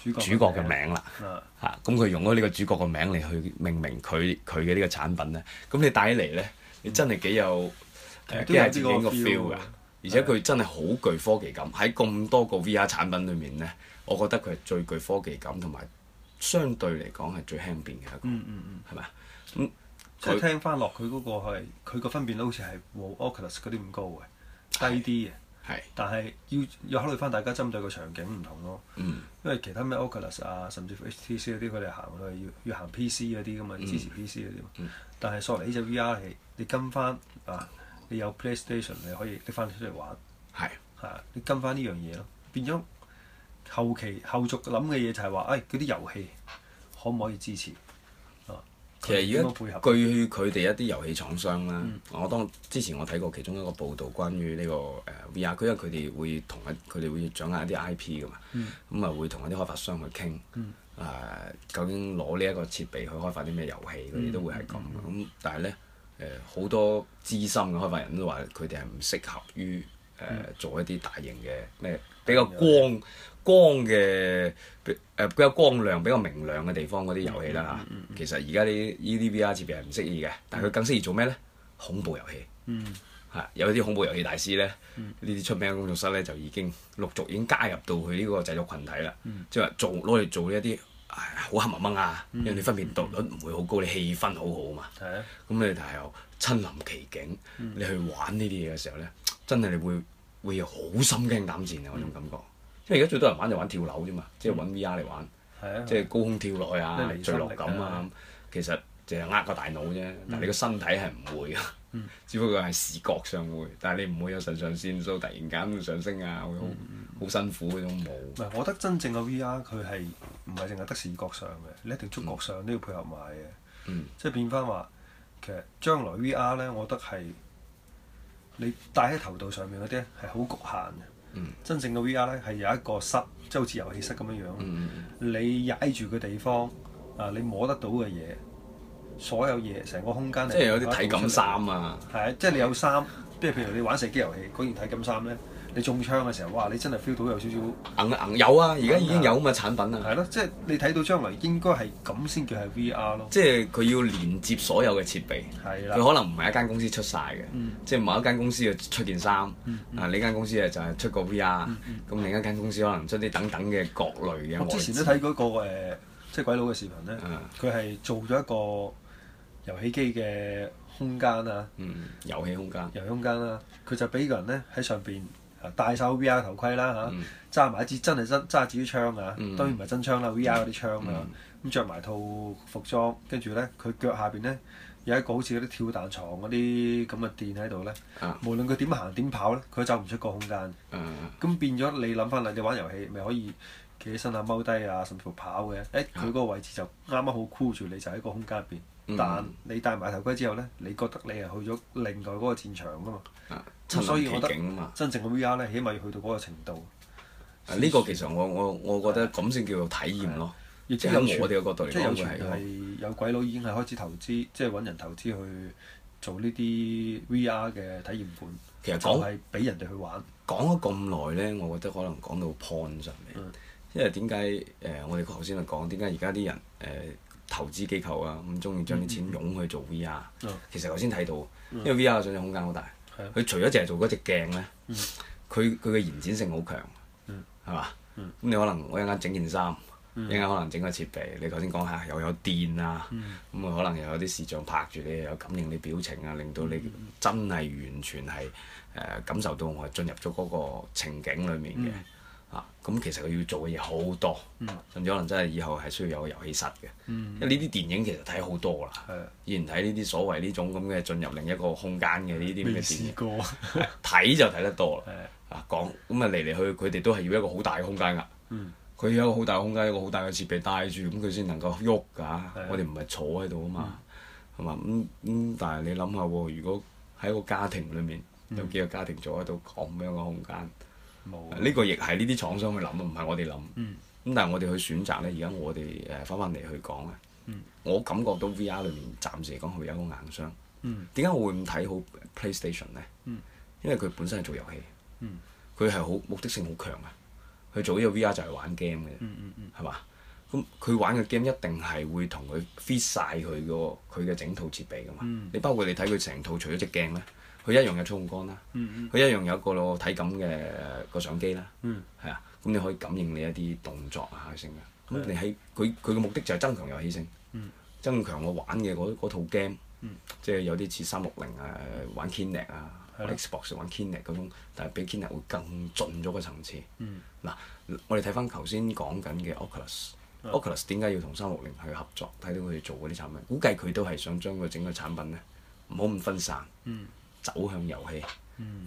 主角嘅名啦，嚇，咁佢、啊啊、用咗呢個主角嘅名嚟去命名佢佢嘅呢個產品咧。咁你帶嚟咧，你真係幾有，一係、嗯啊、自己個 feel 㗎。而且佢真係好具科技感。喺咁的多個 VR 產品裏面咧，我覺得佢係最具科技感同埋，相對嚟講係最輕便嘅一個，係咪啊？咁、嗯，即、嗯、係、嗯、以聽翻落佢嗰個佢個分辨率好似係冇 Oculus 嗰啲咁高嘅，低啲嘅。是但係要要考慮翻大家針對個場景唔同咯。嗯、因為其他咩 Oculus 啊，甚至乎 HTC 嗰啲佢哋行佢係要要行 PC 嗰啲咁啊，支持 PC 嗰啲。嗯嗯、但係索尼呢隻 VR 器，你跟翻啊，你有 PlayStation 你可以拎翻出嚟玩，係是啊，你跟翻呢樣嘢咯，變咗後期後續諗嘅嘢就係話誒嗰啲遊戲可唔可以支持？其實如果據佢哋一啲遊戲廠商啦，嗯、我當之前我睇過其中一個報道關於呢、這個誒、呃、VR，因為佢哋會同一佢哋會掌握一啲 IP 嘅嘛，咁啊、嗯、會同一啲開發商去傾，誒、嗯啊、究竟攞呢一個設備去開發啲咩遊戲，佢哋都會係咁。咁、嗯嗯、但係咧誒好多資深嘅開發人都話佢哋係唔適合於誒、呃、做一啲大型嘅咩比較光。嗯嗯嗯嗯光嘅誒、呃、比較光亮、比較明亮嘅地方嗰啲遊戲啦嚇、啊，其實而家呢呢啲 VR 設備係唔適宜嘅，但係佢更適宜做咩咧？恐怖遊戲，係、嗯啊、有啲恐怖遊戲大師咧，呢啲、嗯、出名嘅工作室咧就已經陸續已經加入到佢呢個製作群體啦。即係、嗯、做攞嚟做一啲好黑媽媽啊，嗯、因為你分辨度率唔會好高，你氣氛好好啊嘛。咁咧就有親臨其境，你去玩呢啲嘢嘅時候咧，真係你會會好心驚膽戰啊嗰種感覺。因為而家最多人玩就玩跳樓啫嘛，嗯、即係搵 VR 嚟玩，啊、即係高空跳落去啊，墜落、啊、感啊，其實淨係呃個大腦啫，嗯、但係你個身體係唔會啊，嗯、只不過係視覺上會，但係你唔會有腎上腺素突然間上升啊，好，好、嗯、辛苦嗰種冇、嗯。我覺得真正嘅 VR 佢係唔係淨係得視覺上嘅，你一定觸覺上都要配合埋嘅，嗯嗯、即係變翻話，其實將來 VR 咧，我覺得係你戴喺頭度上面嗰啲咧係好局限嘅。嗯、真正嘅 VR 咧係有一個室，即係好似遊戲室咁樣樣。嗯、你踩住嘅地方啊，你摸得到嘅嘢，所有嘢成個空間，即係有啲體感衫啊。係啊，即係你有衫，即係譬如你玩射擊遊戲嗰件體感衫咧。你中槍嘅時候，哇！你真係 feel 到有少少硬硬有啊！而家已經有咁嘅產品啦。係咯，即係你睇到將來應該係咁先叫係 VR 咯。即係佢要連接所有嘅設備。係啦。佢可能唔係一間公司出晒嘅。嗯、即係某一間公司嘅出件衫。啊、嗯，呢、嗯、間公司啊就係出個 VR 嗯。嗯咁另一間公司可能出啲等等嘅各類嘅。我之前都睇嗰個、呃、即係鬼佬嘅視頻咧。佢係、嗯、做咗一個遊戲機嘅空間啊。嗯嗯。遊戲空間。遊戲空間啦，佢就俾個人咧喺上邊。戴曬 VR 頭盔啦嚇，揸埋一支真係真揸住啲槍啊，當然唔係真槍啦、嗯、VR 嗰啲槍啊，咁着埋套服裝，跟住咧佢腳下邊咧有一個好似嗰啲跳彈床嗰啲咁嘅墊喺度咧，啊、無論佢點行點跑咧，佢都走唔出個空間。咁、啊、變咗你諗翻嚟，你玩遊戲咪可以企起身啊、踎低啊，甚至乎跑嘅，誒佢嗰個位置就啱啱好箍住你，就喺個空間入邊。但你戴埋頭盔之後咧，你覺得你係去咗另外嗰個戰場啊嘛？啊嘛所以我覺得真正嘅 VR 咧，起碼要去到嗰個程度。呢、啊、呢個其實我我我覺得咁先叫做體驗咯。即喺我哋嘅角度嚟講，係有鬼佬、就是、已經係開始投資，即係揾人投資去做呢啲 VR 嘅體驗館。其實講係俾人哋去玩。講咗咁耐咧，我覺得可能講到 point 上面。嗯、因為點解誒？我哋頭先係講點解而家啲人誒？呃投資機構啊咁中意將啲錢湧去做 VR、嗯嗯、其實我先睇到，嗯、因為 VR 嘅上升空間好大。佢、嗯、除咗淨係做嗰隻鏡咧，佢佢嘅延展性好強，係嘛？咁你可能我一間整件衫，一間、嗯、可能整個設備。你頭先講下又有電啊，咁啊、嗯嗯、可能又有啲視像拍住你，又有感應你表情啊，令到你真係完全係、呃呃、感受到我進入咗嗰個情景裏面嘅。嗯嗯咁其實佢要做嘅嘢好多，嗯、甚至可能真係以後係需要有個遊戲室嘅，嗯、因為呢啲電影其實睇好多啦。的以前睇呢啲所謂呢種咁嘅進入另一個空間嘅呢啲咁嘅電影，未試過，睇呵就睇得多啦。啊講的，咁啊嚟嚟去去佢哋都係要一個好大嘅空間噶。佢要、嗯、有一個好大嘅空間，一個好大嘅設備帶住，咁佢先能夠喐㗎。的我哋唔係坐喺度啊嘛，係嘛、嗯？咁咁、嗯嗯嗯，但係你諗下喎，如果喺一個家庭裏面有幾個家庭做得到咁樣嘅空間？呢、啊、個亦係呢啲廠商去諗，都唔係我哋諗。咁、嗯、但係我哋去選擇咧，而家我哋誒翻翻嚟去講啊。嗯、我感覺到 VR 裏面暫時嚟講佢有一個硬傷。點解、嗯、我會唔睇好 PlayStation 咧？嗯、因為佢本身係做遊戲。佢係好目的性好強啊！去做呢個 VR 就係玩 game 嘅，係嘛、嗯？咁、嗯、佢、嗯嗯、玩嘅 game 一定係會同佢 fit 晒佢個佢嘅整套設備㗎嘛？你、嗯嗯、包括你睇佢成套除咗隻鏡咧。佢一樣有操控桿啦，佢一樣有個體感嘅個相機啦，係啊，咁你可以感應你一啲動作啊，起升嘅。咁你喺佢佢嘅目的就係增強遊戲性，增強我玩嘅嗰套 game，即係有啲似三六零啊，玩 Kinect 啊，Xbox 玩 Kinect 嗰種，但係比 Kinect 會更進咗個層次。嗱，我哋睇翻頭先講緊嘅 Oculus，Oculus 點解要同三六零去合作？睇到佢做嗰啲產品，估計佢都係想將佢整個產品咧唔好咁分散。走向遊戲，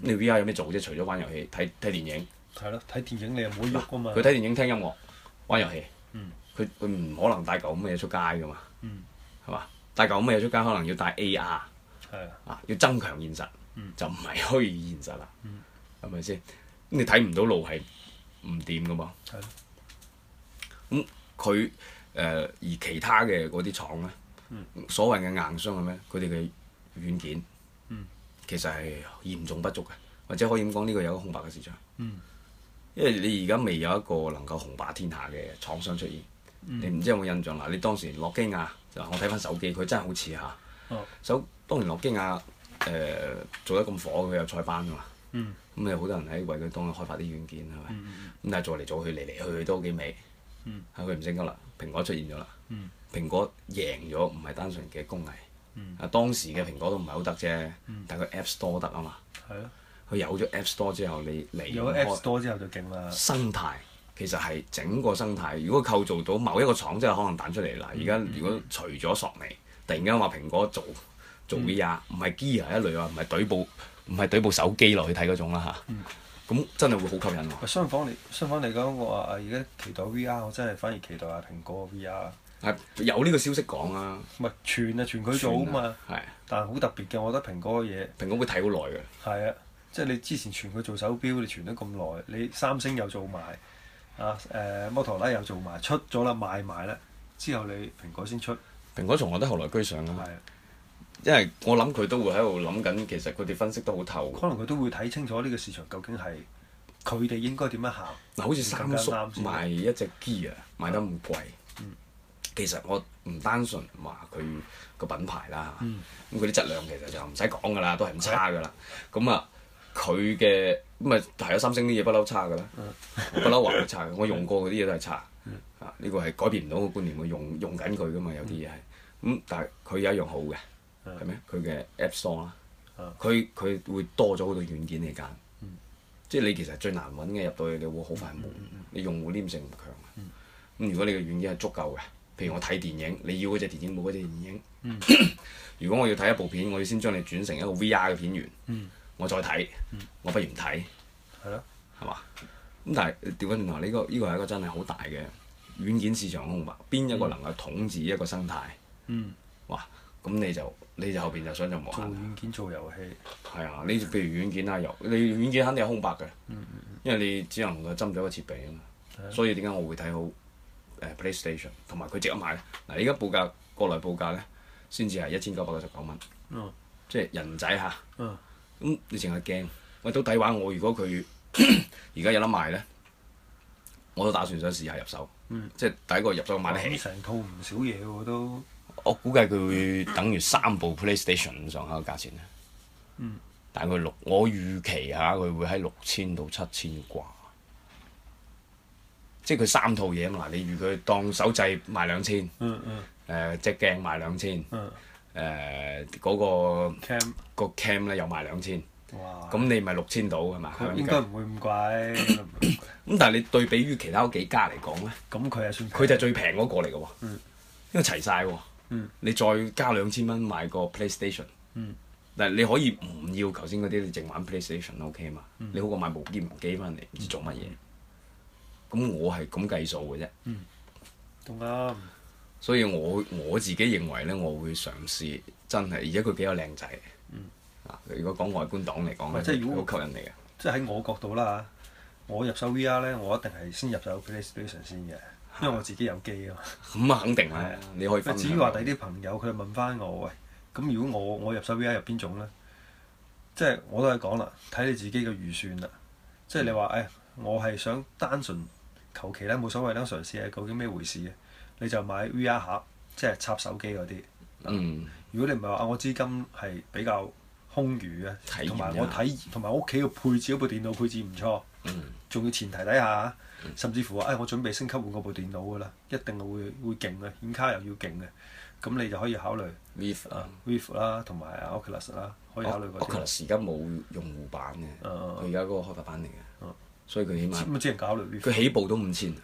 你 V R 有咩做啫？除咗玩遊戲、睇睇電影，係咯，睇電影你又唔好喐噶嘛？佢睇電影聽音樂，玩遊戲，佢佢唔可能帶嚿咁嘅嘢出街噶嘛？係嘛？帶嚿咁嘅嘢出街，可能要帶 A R，啊，要增強現實，就唔係虛擬現實啦，係咪先？咁你睇唔到路係唔掂噶嘛？係咯，咁佢誒而其他嘅嗰啲廠咧，所謂嘅硬傷係咩？佢哋嘅軟件。其實係嚴重不足嘅，或者可以咁講？呢、呢個有個空白嘅市場。嗯、因為你而家未有一個能夠紅霸天下嘅廠商出現。嗯、你唔知有冇印象啦？你當時諾基亞，我睇翻手機，佢真係好似嚇。首、哦、當年諾基亞誒、呃、做得咁火，佢有塞班㗎嘛。咁有好多人喺為佢當開發啲軟件係咪？咁、嗯、但係做嚟做去嚟嚟去去都幾尾。嚇佢唔升級㗎啦，蘋果出現咗啦。嗯、蘋果贏咗唔係單純嘅工藝。啊，嗯、當時嘅蘋果都唔係好得啫，嗯、但係佢 App Store 得啊嘛。係咯、啊。佢有咗 App Store 之後，你嚟有咗 App Store 之後就勁啦。生態其實係整個生態，如果構造到某一個廠真係可能彈出嚟嗱。而家、嗯、如果除咗索尼，突然間話蘋果做做 VR，唔係 Gear 一類啊，唔係懟部唔係懟部手機落去睇嗰種啦嚇。咁、嗯、真係會好吸引。相反嚟相反嚟講，我話啊，而家期待 VR，我真係反而期待下、啊、蘋果嘅 VR。係有呢個消息講啊！唔係傳啊，傳佢做啊嘛。係、啊。啊、但係好特別嘅，我覺得蘋果嘅嘢。蘋果會睇好耐㗎。係啊，即係你之前傳佢做手錶，你傳咗咁耐，你三星又做埋啊，誒、呃、摩托羅拉又做埋，出咗啦，賣埋啦，之後你蘋果先出。蘋果從來都後來居上㗎嘛。啊。啊因為我諗佢都會喺度諗緊，其實佢哋分析得好透。可能佢都會睇清楚呢個市場究竟係佢哋應該點樣行。嗱，好似三星賣一隻機啊，賣得咁貴。嗯。其實我唔單純話佢個品牌啦，咁佢啲質量其實就唔使講噶啦，都係唔差噶啦。咁啊，佢嘅咁啊係啊，三星啲嘢不嬲差噶啦，不嬲話佢差嘅，我用過嗰啲嘢都係差。啊，呢個係改變唔到個觀念，我用用緊佢噶嘛，有啲嘢係。咁但係佢有一樣好嘅係咩？佢嘅 App Store 啦，佢佢會多咗好多軟件嚟揀。即係你其實最難揾嘅入到去，你會好快冇。你用戶黏性唔強。咁如果你嘅軟件係足夠嘅。譬如我睇電影，你要嗰隻電影冇嗰隻電影、嗯。 [COUGHS] 如果我要睇一部片，我要先將你轉成一個 VR 嘅片源，嗯、我再睇，嗯、我不如唔睇。係咯、嗯。係嘛？咁但係調翻轉頭，呢、這個呢個呢、呢個係一個真係好大嘅軟件市場空白，邊一個能夠統治一個生態？哇、嗯！咁你就你就後邊就想就無限做軟件做遊戲。係啊，你譬如軟件啦、啊，遊你軟件肯定係空白嘅。嗯嗯、因為你只能夠針咗一個設備啊嘛，嗯、所以點解我會睇好？誒 PlayStation 同埋佢值得買嘅嗱，而家報價國內報價咧，先至係一千九百九十九蚊，嗯、即係人仔嚇。咁以前我驚，喂到底話。我如果佢而家有得賣咧，我都打算想試下入手，嗯、即係第一個入手買得起。成套唔少嘢喎、啊、都。我估計佢會等於三部 PlayStation 上下嘅價錢咧。嗯。大概六，我預期嚇佢會喺六千到七千掛。即係佢三套嘢嘛，嗱，你預佢當手掣賣兩千，誒，隻鏡賣兩千，誒，嗰個 cam 咧又賣兩千，咁你咪六千到係嘛？應該唔會咁貴。咁但係你對比於其他幾家嚟講咧？咁佢係算佢就係最平嗰個嚟㗎喎，因為齊晒喎，你再加兩千蚊買個 PlayStation，但係你可以唔要求先要頭先嗰啲，你淨玩 PlayStation OK 嘛？你好過買部機唔機翻嚟唔知做乜嘢。咁我係咁計數嘅啫。嗯。同啊。所以我我自己認為咧，我會嘗試真係，而家佢幾有靚仔。嗯。啊！如果講外觀黨嚟講咧，好吸引嚟嘅。即係喺我角度啦，我入手 V R 咧，我一定係先入手 PlayStation 先嘅，因為我自己有機啊嘛。咁啊，肯定係，你可以。至於話第啲朋友佢問翻我，喂，咁如果我我入手 V R 入邊種咧？即係我都係講啦，睇你自己嘅預算啦。即係你話誒、哎，我係想單純。求其咧冇所謂咧，嘗試下究竟咩回事嘅，你就買 VR 盒，即係插手機嗰啲。嗯。如果你唔係話啊，我資金係比較空餘嘅，同埋、啊、我睇，同埋屋企嘅配置，嗰部電腦配置唔錯。嗯。仲要前提底下，甚至乎誒、哎，我準備升級換嗰部電腦㗎啦，一定會會勁嘅，顯卡又要勁嘅，咁你就可以考慮。Vive 啊，Vive 啦，同埋啊 Oculus 啦，可以考慮嗰啲。Oculus 而家冇用戶版嘅，佢而家嗰個開發版嚟嘅。所以佢起碼佢起步都五千，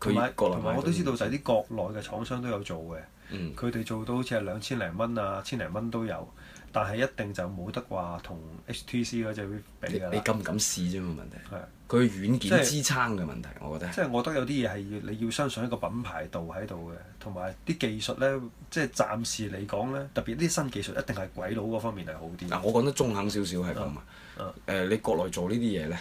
佢國內，同埋我都知道就係啲國內嘅廠商都有做嘅，佢哋、嗯、做到好似係兩千零蚊啊，千零蚊都有，但係一定就冇得話同 HTC 嗰隻比㗎你，你敢唔敢試啫？個問題佢軟件支撐嘅問題，是我覺得即係我覺得有啲嘢係要你要相信一個品牌度喺度嘅，同埋啲技術咧，即係暫時嚟講咧，特別啲新技術一定係鬼佬嗰方面係好啲。嗱、啊，我覺得中肯少少係咁啊，誒、啊啊，你國內做呢啲嘢咧？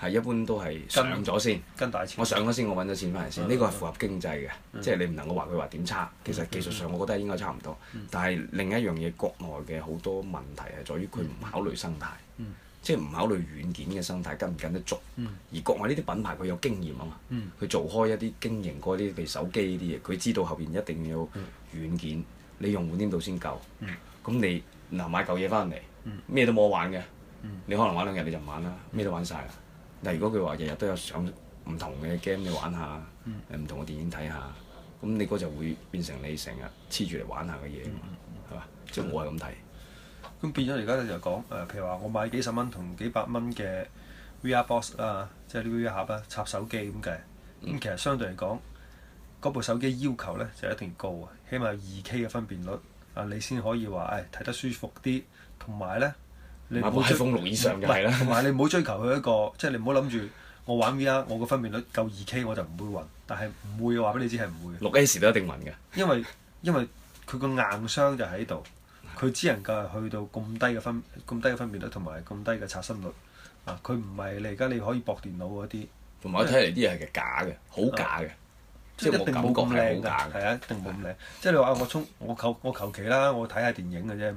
係一般都係上咗先，跟大錢。我上咗先，我揾咗錢翻嚟先。呢個係符合經濟嘅，即係你唔能夠話佢話點差。其實技術上我覺得應該差唔多，但係另一樣嘢，國內嘅好多問題係在於佢唔考慮生態，即係唔考慮軟件嘅生態跟唔跟得足。而國外呢啲品牌佢有經驗啊嘛，佢做開一啲經營啲，譬如手機啲嘢，佢知道後邊一定要軟件，你用戶黏度先夠。咁你嗱買嚿嘢翻嚟，咩都冇玩嘅，你可能玩兩日你就唔玩啦，咩都玩晒啦。嗱，但如果佢話日日都有上唔同嘅 game 你玩下，誒唔、嗯、同嘅電影睇下，咁你嗰就會變成你成日黐住嚟玩下嘅嘢，係嘛？即係我係咁睇。咁變咗而家就講誒，譬如話我買幾十蚊同幾百蚊嘅 VR box 啦、啊，即係啲 VR 盒啦、啊，插手機咁計，咁、嗯、其實相對嚟講，嗰部手機要求咧就一定高啊，起碼有 2K 嘅分辨率，啊你先可以話誒睇得舒服啲，同埋咧。你唔好追風六以上嘅，唔係啦，同埋你唔好追求佢一個，即係 [LAUGHS] 你唔好諗住我玩 VR，我個分辨率夠二 K 我就唔會暈，但係唔會嘅話俾你知係唔會六 S 都一定暈嘅，因為 [LAUGHS] 因為佢個硬傷就喺度，佢只能夠係去到咁低嘅分咁低嘅分辨率同埋咁低嘅刷新率啊，佢唔係你而家你可以駁電腦嗰啲。同埋睇嚟啲嘢係假嘅，好為假嘅，啊、即係冇咁靚嘅，啊，一定冇咁靚。即係 [LAUGHS] [LAUGHS] 你話我充我求我求其啦，我睇下電影嘅啫。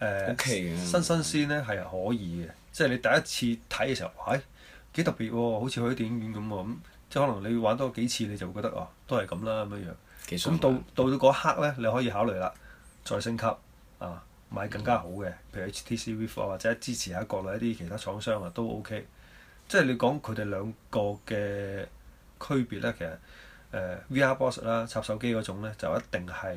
誒新新鮮咧係可以嘅，即、就、係、是、你第一次睇嘅時候，唉、哎，幾特別喎，好似去電影院咁喎，咁、嗯、即係可能你玩多幾次你就會覺得哦、啊，都係咁啦咁樣樣。咁到到到嗰一刻咧，你可以考慮啦，再升級啊，買更加好嘅，嗯、譬如 HTC V4 或者支持下國內一啲其他廠商啊都 OK。即係你講佢哋兩個嘅區別咧，其實誒、呃、VR box 啦，插手機嗰種咧就一定係。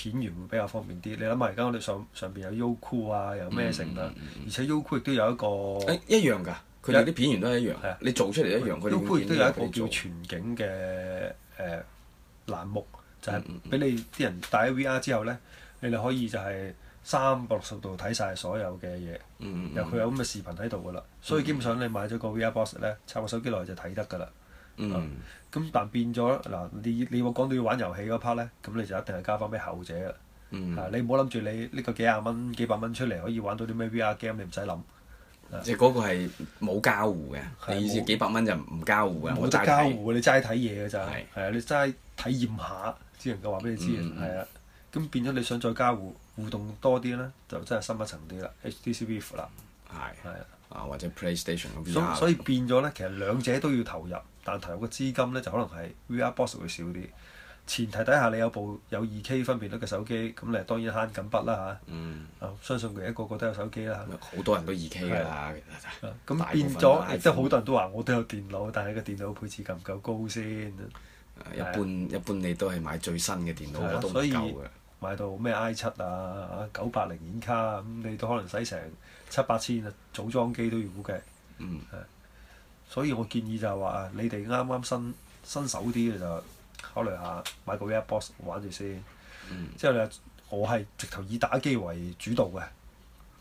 片源會比較方便啲，你諗下而家我哋上上邊有 YouTube 啊，有咩成啦，嗯嗯嗯、而且 YouTube 亦都有一個誒、啊、一樣㗎，佢有啲片源都係一樣，係啊，你做出嚟一樣。YouTube 亦都有一個做叫全景嘅誒、呃、欄目，就係、是、俾你啲、嗯嗯嗯、人戴咗 VR 之後咧，你係可以就係三百六十度睇晒所有嘅嘢，又佢、嗯嗯嗯、有咁嘅視頻喺度㗎啦，所以基本上你買咗個 VR box 咧，插個手機落去就睇得㗎啦。嗯，咁但變咗嗱，你你我講到要玩遊戲嗰 part 咧，咁你就一定係加翻俾後者啊！你唔好諗住你呢個幾廿蚊、幾百蚊出嚟可以玩到啲咩 VR game，你唔使諗。即係嗰個係冇交互嘅，你意思幾百蚊就唔交互嘅。冇交互你齋睇嘢㗎咋，係啊，你齋體驗下，只能夠話俾你知，係啊。咁變咗你想再交互互動多啲咧，就真係深一層啲啦 HTC Vive 啦，係啊。啊，或者 PlayStation 咁，所以所以變咗咧，其實兩者都要投入，但投入嘅資金咧就可能係 VR box 會少啲。前提底下你有部有二 K 分辨率嘅手機，咁你當然慳緊筆啦嚇。啊、嗯、啊。相信佢一個個都有手機啦。好、嗯、多人都二 K 啦，咁的、啊、變咗即都好多人都話我都有電腦，但係個電腦配置夠唔夠高先？一般的，一般你都係買最新嘅電腦咯，都唔夠買到咩 I 七啊？嚇九八零顯卡咁，你都可能使成。七八千啊，7, 8, 000, 組裝機都要估計，係、嗯啊，所以我建議就係話啊，你哋啱啱新新手啲嘅就考慮下買個 VR box 玩住先。嗯、之後你話我係直頭以打機為主導嘅，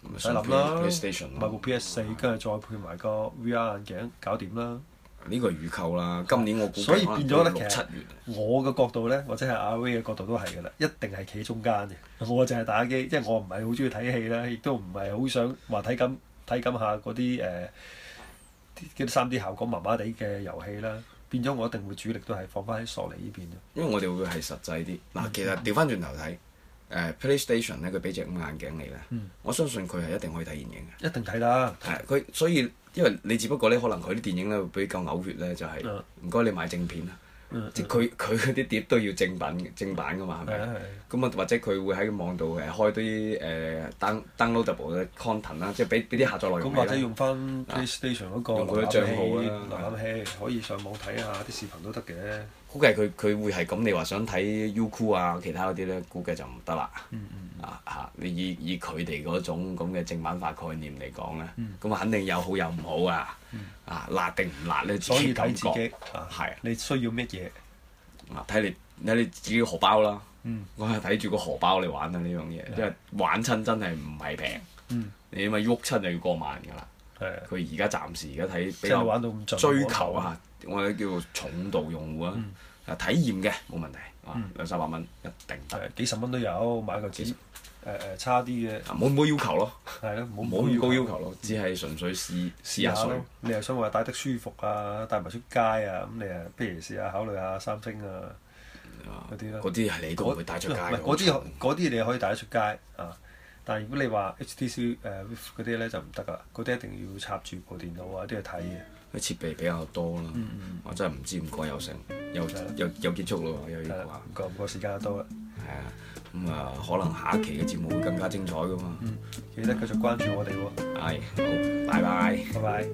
唔使諗啦，買部 PS 四跟住再配埋個 VR 眼鏡搞，搞掂啦。嗯呢個係預購啦，今年我估所以可能七月。我嘅角度咧，或者係阿威嘅角度都係嘅啦，一定係企中間嘅。我淨係打機，即係我唔係好中意睇戲啦，亦都唔係好想話睇緊睇緊下嗰啲誒啲三 D 效果麻麻地嘅遊戲啦。變咗我一定會主力都係放翻喺索尼呢邊啊。因為我哋會係實際啲嗱，嗯、其實調翻轉頭睇誒 PlayStation 咧，佢俾隻眼鏡你咧，嗯、我相信佢係一定可以睇電影嘅。一定睇啦。係佢，所以。所以所以因為你只不過咧，可能佢啲電影咧，比較嘔血咧，就係唔該你買正片啊，啊即係佢佢嗰啲碟都要正品，正版噶嘛，係咪、嗯？咁啊，或者佢會喺網度誒開啲誒登 downloadable 嘅 content 啦，即係俾俾啲下載內容。咁、嗯、或者用翻 PlayStation 佢嘅瀏覽器可以上網睇下啲視頻都得嘅。估計佢佢會係咁，你話想睇 Youku 啊，其他嗰啲咧，估計就唔得啦。啊嚇！你以以佢哋嗰種咁嘅正版化概念嚟講咧，咁啊肯定有好有唔好啊。啊辣定唔辣咧？自己感覺。所以睇自己。係。你需要乜嘢？啊！睇你睇你自己荷包啦。我係！睇住個荷包嚟玩啊！呢樣嘢，因為玩親真係唔係平。嗯。你咪喐親就要過萬㗎啦。係。佢而家暫時而家睇比較追求啊。我哋叫重度用戶啊，啊體驗嘅冇問題，啊兩三百蚊一定。誒幾十蚊都有買個紙，誒差啲嘅。冇唔好要求咯。係咯，唔好高要求咯，只係純粹試試下先。你又想話戴得舒服啊，戴埋出街啊，咁你誒不如試下考慮下三星啊嗰啲咯。嗰啲係你都唔會帶出街。嗰啲啲你可以帶得出街啊，但係如果你話 HTC 誒嗰啲咧就唔得㗎，嗰啲一定要插住部電腦啊啲嘢睇嘅。啲設備比較多啦，嗯嗯、我真係唔知唔覺有成，又又又結束咯，又又了話過唔過時間多啦。係啊，咁啊，可能下一期嘅節目會更加精彩㗎嘛、嗯。記得繼續關注我哋喎。係、哎，好，拜拜。拜拜。